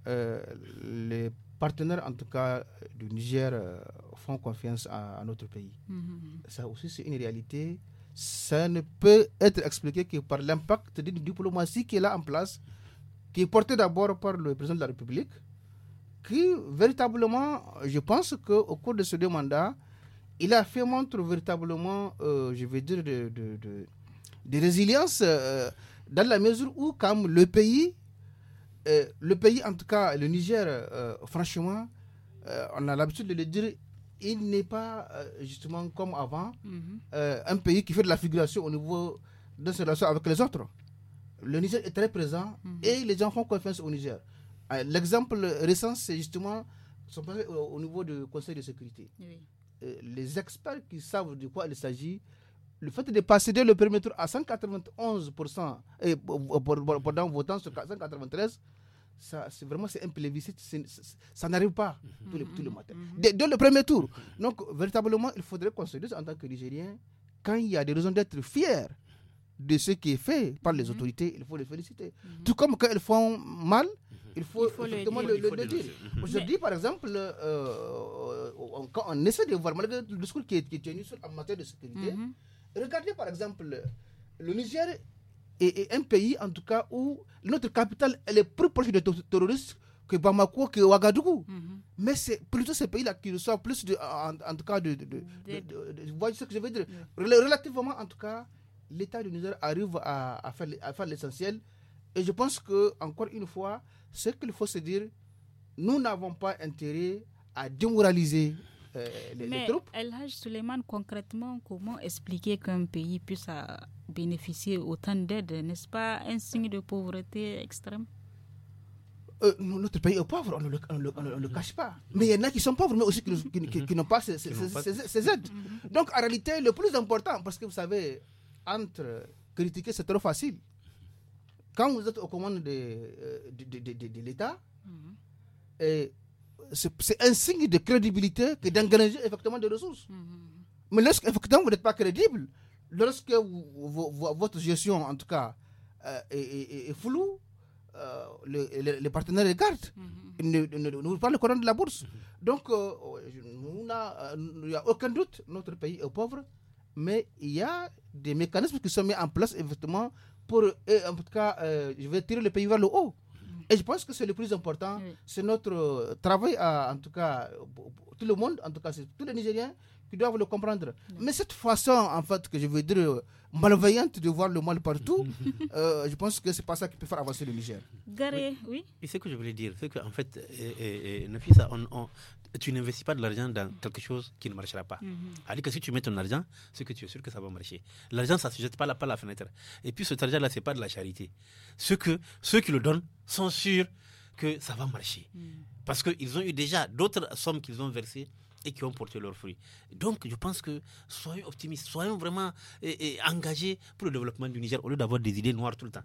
euh, les partenaires, en tout cas du Niger, euh, font confiance à, notre pays. Mhm, mhm. Ça aussi, c'est une réalité. Ça ne peut être expliqué que par l'impact d'une diplomatie qui est là en place, qui est portée d'abord par le président de la République, qui véritablement, je pense qu'au cours de ce deux mandats, il a fait montre véritablement, je vais dire, de de résilience euh, dans la mesure où, comme le pays, euh, le pays, en tout cas le Niger, euh, franchement, on a l'habitude de le dire, il n'est pas justement comme avant mhm. un pays qui fait de la figuration au niveau de ses relations avec les autres. Le Niger est très présent mhm. et les gens font confiance au Niger. L'exemple récent, c'est justement au, niveau du Conseil de sécurité. les experts qui savent de quoi il s'agit, le fait de passer de le premier tour à 191% et pendant votant sur 193, ça, c'est vraiment c'est un plébiscite, ça n'arrive pas mhm. tous les, tous matins. Mhm. Dès, le premier tour. Donc, véritablement, il faudrait qu'on se dise en tant que Nigérien, quand il y a des raisons d'être fier de ce qui est fait par les mhm. autorités, il faut les féliciter. Tout comme quand elles font mal, il faut, justement le, dire. Le, Aujourd'hui, par exemple, euh, on, quand on essaie de voir, malgré le discours qui est, tenu en matière de sécurité, Regardez par exemple, le Niger est, un pays, en tout cas, où notre capitale, elle est plus proche des terroristes que Bamako, que Ouagadougou. Mhm. Mais c'est plutôt ces pays-là qui reçoivent plus, de, en, tout cas, de, de, voyez ce que je veux dire Relativement, en tout cas, l'État du Niger arrive à, faire, à faire l'essentiel. Et je pense que, encore une fois, ce qu'il faut se dire, nous n'avons pas intérêt à démoraliser euh, les, Mais les, troupes. Suleiman, concrètement, comment expliquer qu'un pays puisse bénéficier autant d'aide N'est-ce pas un signe de pauvreté extrême euh, notre pays est pauvre, on ne le, cache pas. Mais il y en a qui sont pauvres, mais aussi qui, n'ont pas ces, aides. Donc en réalité, le plus important, parce que vous savez, entre critiquer, c'est trop facile. Quand vous êtes aux commandes euh, de, de, l'État, mhm. et c'est un signe de crédibilité que d'engager effectivement des ressources. Mm-hmm. Mais lorsque vous n'êtes pas crédible, lorsque votre gestion en tout cas euh, est, floue, euh, les partenaires regardent, mm-hmm. ils ne, ne, parlent pas le courant de la bourse. Mm-hmm. Donc, euh, il n'y a aucun doute, notre pays est pauvre, mais il y a des mécanismes qui sont mis en place effectivement pour, en tout cas, je vais tirer le pays vers le haut. Et je pense que c'est le plus important. C'est notre euh, travail, en tout cas, tout le monde, en tout cas, tous les Nigériens qui doivent le comprendre. Mais cette façon, en fait, que je veux dire, malveillante de voir le mal partout, <laughs> euh, je pense que ce n'est pas ça qui peut faire avancer le Niger. Garé, oui. Et ce que je voulais dire, c'est qu'en fait, eh, eh, eh, tu n'investis pas de l'argent dans quelque chose qui ne marchera pas. Alors mhm. que si tu mets ton argent, c'est que tu es sûr que ça va marcher. L'argent, ça ne se jette pas là, par la fenêtre. Et puis cet argent-là, ce n'est pas de la charité. Ceux, que, ceux qui le donnent sont sûrs que ça va marcher. Mhm. Parce qu'ils ont eu déjà d'autres sommes qu'ils ont versées et qui ont porté leurs fruits. Donc, je pense que soyons optimistes, soyons vraiment euh, euh, engagés pour le développement du Niger au lieu d'avoir des idées noires tout le temps.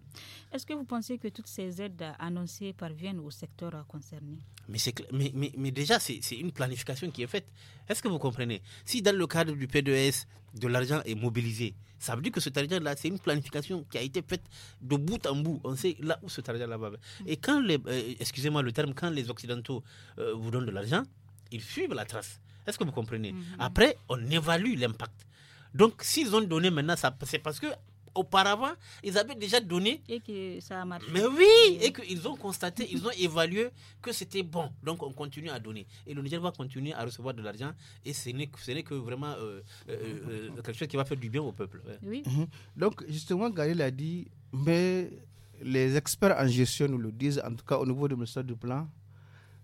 Est-ce que vous pensez que toutes ces aides annoncées parviennent au secteur concerné mais, déjà, c'est une planification qui est faite. Est-ce que vous comprenez Si dans le cadre du P2S, de l'argent est mobilisé, ça veut dire que cet argent-là, c'est une planification qui a été faite de bout en bout. On sait là où cet argent-là va. Et quand les, euh, excusez-moi le terme, quand les Occidentaux vous donnent de l'argent, ils suivent la trace. Est-ce que vous comprenez mhm. Après, on évalue l'impact. Donc, s'ils ont donné maintenant, c'est parce que auparavant, ils avaient déjà donné. Et que ça a marché. Mais oui, mhm. et qu'ils ont constaté, ils ont évalué que c'était bon. Donc on continue à donner. Et le Niger va continuer à recevoir de l'argent. Et ce n'est que vraiment euh, euh, euh, quelque chose qui va faire du bien au peuple. Oui. Mhm. Donc justement, Gaël a dit, mais les experts en gestion nous le disent, en tout cas au niveau du ministère du Plan,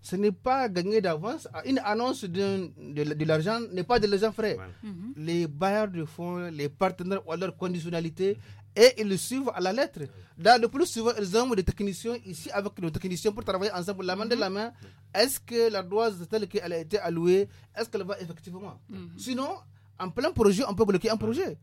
ce n'est pas gagné d'avance. Ah, une annonce de, de, l'argent n'est pas de l'argent frais. Mhm. Les bailleurs de fonds, les partenaires ont leur conditionnalité et ils le suivent à la lettre. Dans le plus souvent, ils ont des techniciens ici avec nos techniciens pour travailler ensemble, la main de mhm. la main. Est-ce que la dose telle qu'elle a été allouée, est-ce qu'elle va effectivement mhm. Sinon, en plein projet, on peut bloquer un projet.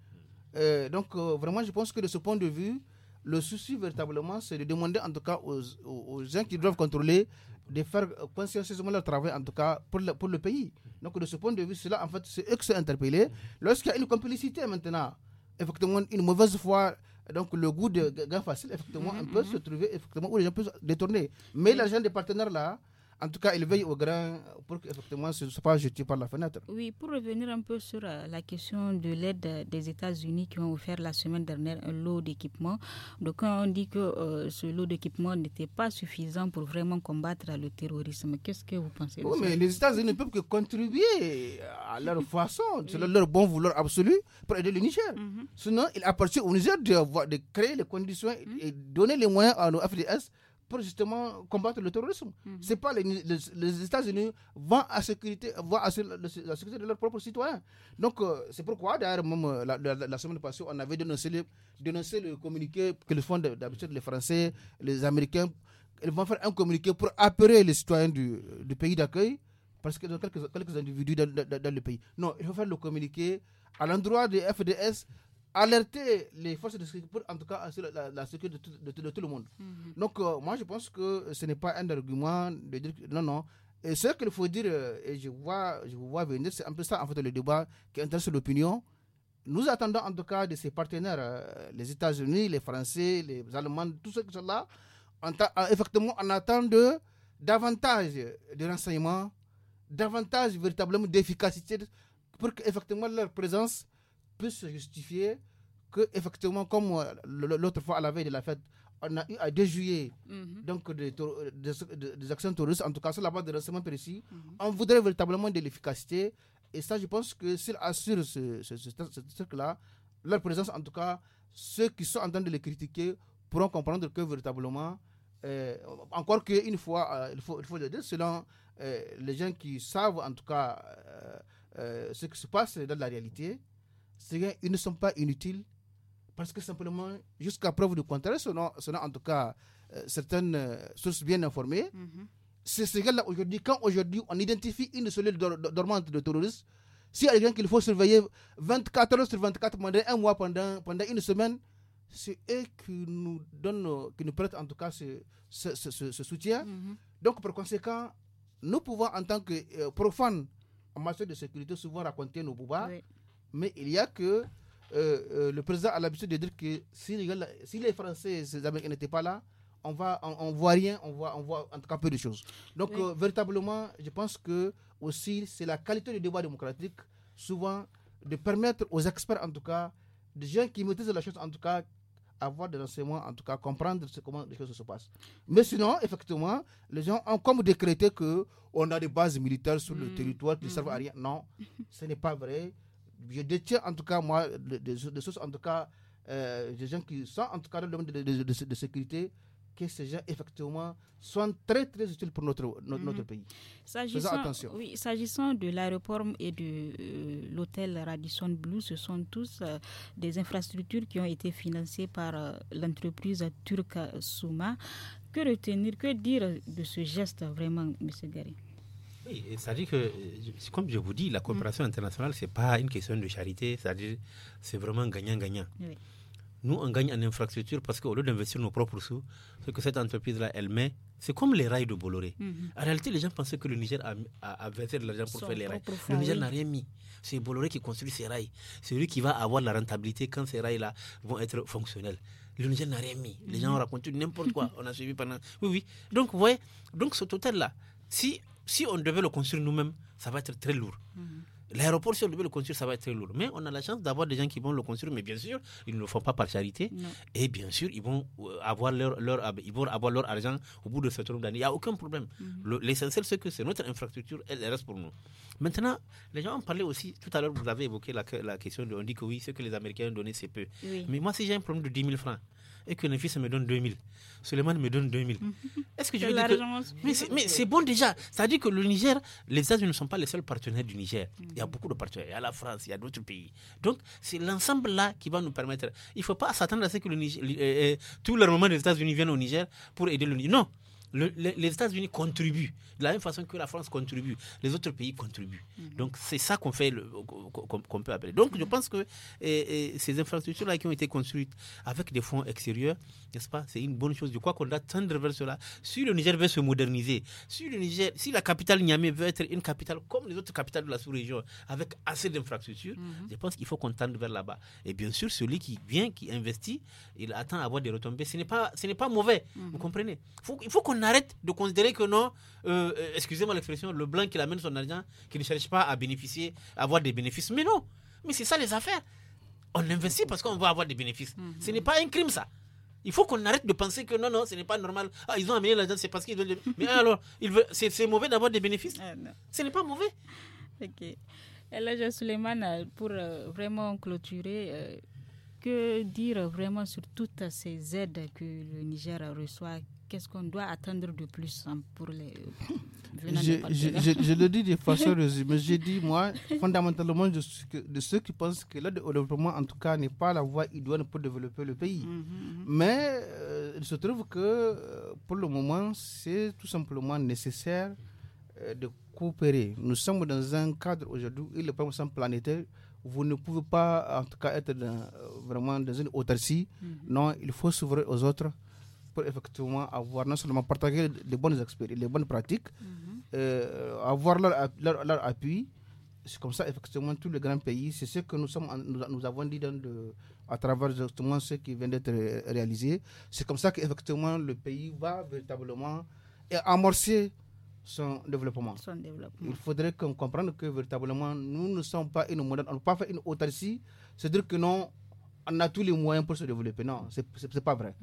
Euh, donc, euh, vraiment, je pense que de ce point de vue, le souci véritablement, c'est de demander en tout cas aux, aux, gens qui doivent contrôler de faire consciencieusement leur travail, en tout cas pour le, pour le pays. Donc de ce point de vue, cela, en fait, c'est eux qui sont interpellés. Lorsqu'il y a une complicité maintenant, effectivement, une mauvaise foi, donc le goût de gain facile, effectivement, on peut se trouver, effectivement, où les gens peuvent se détourner. Mais l'argent des partenaires là, en tout cas, il veille au grain pour qu'effectivement ce ne soit pas jeté par la fenêtre. Oui, pour revenir un peu sur euh, la question de l'aide euh, des États-Unis qui ont offert la semaine dernière un lot d'équipement. Donc, on dit que euh, ce lot d'équipement n'était pas suffisant pour vraiment combattre le terrorisme. Qu'est-ce que vous pensez Oui, oh, mais les États-Unis ne peuvent que contribuer à leur <laughs> façon, selon leur bon vouloir absolu, pour aider le Niger. Mhm. Sinon, il appartient au Niger de, de créer les conditions et mhm. donner les moyens à nos FDS pour justement combattre le terrorisme. Mhm. C'est pas les, États-Unis vont à sécurité, vont assurer la, sécurité de leurs propres citoyens. Donc euh, c'est pourquoi d'ailleurs même euh, la, semaine passée on avait dénoncé le, communiqué que le font d'habitude les Français, les Américains, ils vont faire un communiqué pour appeler les citoyens du, pays d'accueil parce que quelques, quelques individus dans, dans, le pays. Non, il faut faire le communiqué à l'endroit des FDS alerter les forces de sécurité, pour, en tout cas assurer la, sécurité de tout, le monde. Mhm. Donc, euh, moi, je pense que ce n'est pas un argument de dire non, non. Et ce qu'il faut dire, euh, et je vois, je vois venir, c'est un peu ça, en fait, le débat qui intéresse l'opinion. Nous attendons, en tout cas, de ses partenaires, euh, les États-Unis, les Français, les Allemands, tous ceux qui sont là, en effectivement, en attend de, davantage de renseignements, davantage véritablement d'efficacité pour qu'effectivement leur présence peut se justifier que, effectivement, comme euh, l'autre fois à la veille de la fête, on a eu à 2 juillet mhm. donc des, euh, actions terroristes, en tout cas sur la base de renseignements précis, mhm. on voudrait véritablement de l'efficacité. Et ça, je pense que s'ils assurent ce, truc-là, leur présence, en tout cas, ceux qui sont en train de les critiquer pourront comprendre que véritablement, euh, encore qu'une fois, il, faut, il faut le dire, selon les gens qui savent, en tout cas, ce qui se passe dans la réalité, ils ne sont pas inutiles parce que simplement, jusqu'à preuve du contraire, selon, selon en tout cas euh, certaines euh, sources bien informées, c'est ce là aujourd'hui, quand aujourd'hui on identifie une cellule dormante de terroristes, si quelqu'un qu'il faut surveiller 24 heures sur 24 pendant un mois, pendant, pendant une semaine, c'est eux qui nous donnent, qui nous prêtent en tout cas ce, soutien. Mhm. Donc, par conséquent, nous pouvons, en tant que euh, profanes en matière de sécurité, souvent raconter nos boubas. Mais il y a que euh, euh, le président a l'habitude de dire que si, si les Français et les Américains n'étaient pas là, on va on, voit rien on voit on voit en tout cas peu de choses donc euh, véritablement je pense que aussi c'est la qualité du débat démocratique souvent de permettre aux experts en tout cas des gens qui maîtrisent la chose en tout cas avoir des enseignements, en tout cas comprendre comment les choses se passent mais sinon effectivement les gens ont comme décrété que on a des bases militaires sur le hmm. territoire qui ne servent à hmm. rien non ce n'est pas vrai je détiens en tout cas, moi, des, sources, en tout cas, euh, des gens qui sont en tout cas dans le domaine de, sécurité, que ces gens, effectivement, sont très, très utiles pour notre, mhm. notre, pays. S'agissant, Oui, s'agissant de l'aéroport et de euh, l'hôtel Radisson Blue, ce sont tous euh, des infrastructures qui ont été financées par l'entreprise turque Souma. Que retenir, que dire de ce geste vraiment, M. Gary c'est-à-dire que, euh, comme je vous dis, la coopération internationale, ce n'est pas une question de charité, cest à c'est vraiment gagnant-gagnant. Nous, on gagne en infrastructure parce qu'au lieu d'investir nos propres sous, ce que cette entreprise-là, elle met, c'est comme les rails de Bolloré. Mhm. En réalité, les gens pensaient que le Niger a, versé de l'argent pour faire les rails. Le Niger n'a rien mis. C'est Bolloré qui construit ces rails. C'est lui qui va avoir la rentabilité quand ces rails-là vont être fonctionnels. Le Niger n'a rien mis. Les gens mhm. ont raconté n'importe quoi. on a suivi pendant. Oui, oui. Donc, vous voyez, donc ce total-là, si si on devait le construire nous-mêmes, ça va être très lourd. Mhm. L'aéroport, si on devait le construire, ça va être très lourd. Mais on a la chance d'avoir des gens qui vont le construire, mais bien sûr, ils ne le font pas par charité. Et bien sûr, euh, euh, ils vont avoir leur, argent au bout de ce nombre d'années. Il n'y a aucun problème. Mhm. L'essentiel, c'est que c'est notre infrastructure, elle, reste pour nous. Maintenant, les gens ont parlé aussi, tout à l'heure, vous avez évoqué la, question de, on dit que oui, ce que les Américains ont donné, c'est peu. Mais moi, si j'ai un problème de 10 000 francs, et que ça me donne 2000. Suleiman me donne 2000. <laughs> Est-ce que je dire Mais c'est bon déjà. Ça dit dire que le Niger, les États-Unis ne sont pas les seuls partenaires du Niger. Mm. Il y a beaucoup de partenaires. Il y a la France, il y a d'autres pays. Donc c'est l'ensemble là qui va nous permettre. Il ne faut pas s'attendre à ce que le Niger, euh, euh, tout des États-Unis viennent au Niger pour aider le Niger. Non les États-Unis contribuent de la même façon que la France contribue, les autres pays contribuent. Mhm. Donc c'est ça qu'on fait, qu'on peut appeler. Donc je mhm. pense que ces infrastructures-là qui ont été construites avec des fonds extérieurs, n'est-ce pas, c'est une bonne chose. Je crois qu'on doit tendre vers cela. Si le Niger veut se moderniser, si le Niger, si la capitale Niamey veut être une capitale comme les autres capitales de la sous-région, avec assez d'infrastructures, mhm. je pense qu'il faut qu'on tende vers là-bas. Et bien sûr, celui qui vient, qui investit, il attend à avoir des retombées. Ce n'est pas, ce n'est pas mauvais, vous comprenez. il faut qu'on arrête de considérer que non, euh, excusez-moi l'expression, le blanc qui amène son argent, qui ne cherche pas à bénéficier, à avoir des bénéfices. Mais non, mais c'est ça les affaires. On investit parce qu'on veut avoir des bénéfices. Mhm. Ce n'est pas un crime ça. Il faut qu'on arrête de penser que non, non, ce n'est pas normal. Ah, ils ont amené l'argent, c'est parce qu'ils veulent. Mais alors, c'est mauvais d'avoir des bénéfices eh, Ce n'est pas mauvais. Ok. Et là, je, man pour euh, vraiment clôturer, euh, que dire vraiment sur toutes ces aides que le Niger reçoit Qu'est-ce qu'on doit attendre de plus hein, pour les euh, je, je, le dis de façon Mais J'ai dit, moi, fondamentalement, de, ceux qui pensent que l'aide au développement, en tout cas, n'est pas la voie idoine pour développer le pays. Mhm, mhm. Mais euh, il se trouve que, euh, pour le moment, c'est tout simplement nécessaire de coopérer. Nous sommes dans un cadre aujourd'hui où les problèmes sont planétaire vous ne pouvez pas en tout cas être euh, vraiment dans une autarcie. Mhm. Non, il faut s'ouvrir aux autres pour effectivement avoir non seulement partager les bonnes expériences, les bonnes pratiques, mhm. euh, avoir leur, appui. C'est comme ça, effectivement, tous les grands pays, c'est ce que nous, sommes, nous, avons dit à travers justement ce qui vient d'être réalisé. C'est comme ça qu'effectivement le pays va véritablement euh, amorcer son développement. Il faudrait qu'on comprenne que véritablement, nous ne sommes pas une modèle, on ne pas fait une autarcie, c'est-à-dire que non, on a tous les moyens pour se développer. Non, ce n'est pas vrai.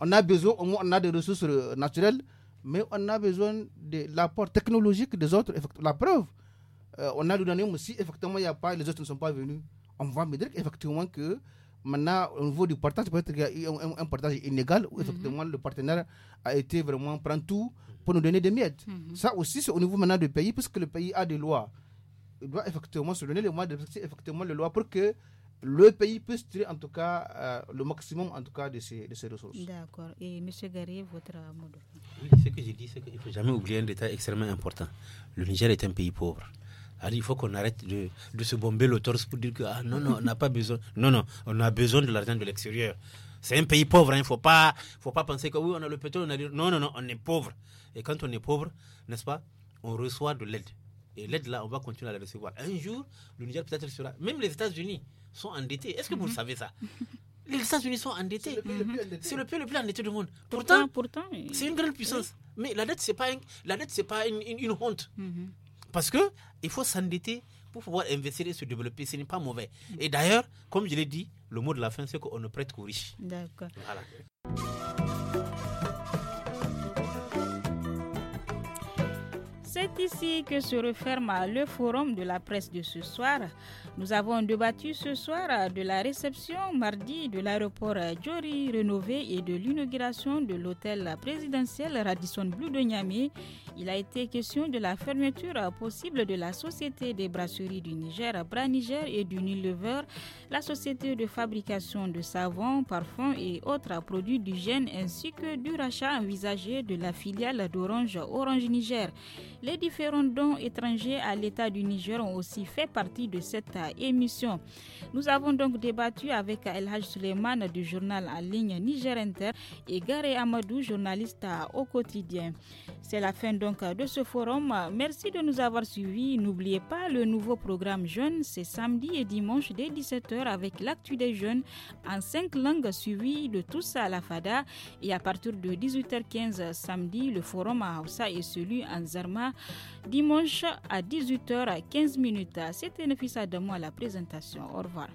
On a besoin, au moins, on a des ressources euh, naturelles, mais on a besoin de l'apport technologique des autres. La preuve, euh, on a donné aussi, effectivement, il n'y a pas, les autres ne sont pas venus. On va me dire effectivement que Maintenant, au niveau du partage, peut-être qu'il y a un, partage inégal où mhm. effectivement le partenaire a été vraiment prend tout pour nous donner des miettes. Mhm. Ça aussi, c'est au niveau maintenant du pays, puisque le pays a des lois. Il doit effectivement se donner les moyens de effectivement les lois pour que le pays puisse tirer en tout cas euh, le maximum en tout cas de ses, de ses ressources. D'accord. Et M. Garrier, votre euh, mot de Oui, ce que j'ai dit, c'est qu'il ne faut jamais oublier un détail extrêmement important. Le Niger est un pays pauvre il faut qu'on arrête de, se bomber le torse pour dire que ah, non, non, on n'a pas besoin. Non, non, on a besoin de l'argent de l'extérieur. C'est un pays pauvre, il hein. ne faut pas, faut pas penser que oui, on a le pétrole, on a Non, non, non, on est pauvre. Et quand on est pauvre, n'est-ce pas, on reçoit de l'aide. Et l'aide, là, on va continuer à la recevoir. Un jour, le Niger peut-être sera... Même les États-Unis sont endettés. Est-ce que vous le mhm. savez ça Les États-Unis sont endettés. C'est le pays le plus mhm. endetté du monde. Pourtant, pourtant, c'est une grande puissance. Mais la dette, ce n'est pas, la dette, pas une, honte. Mhm. Parce que il faut s'endetter pour pouvoir investir et se développer. Ce n'est pas mauvais. Et d'ailleurs, comme je l'ai dit, le mot de la fin, c'est qu'on ne prête qu'aux riches. D'accord. Voilà. C'est ici que se referme le forum de la presse de ce soir. Nous avons débattu ce soir de la réception mardi de l'aéroport Jory rénové et de l'inauguration de l'hôtel présidentiel Radisson Blue de Niamey il a été question de la fermeture possible de la Société des brasseries du Niger, Bras Niger et du nilever la société de fabrication de savons, parfums et autres produits d'hygiène, ainsi que du rachat envisagé de la filiale d'Orange Orange Niger. Les différents dons étrangers à l'État du Niger ont aussi fait partie de cette émission. Nous avons donc débattu avec El Haj Suleiman du journal en ligne Niger Inter et Garé Amadou, journaliste au quotidien. C'est la fin de donc de ce forum. Merci de nous avoir suivis. N'oubliez pas le nouveau programme Jeunes, c'est samedi et dimanche dès 17h avec l'actu des jeunes en cinq langues suivies de tous à la FADA. Et à partir de 18h15 samedi, le forum à Hausa et celui en Zarma dimanche à 18h15. C'était Nefissa de moi, la présentation. Au revoir.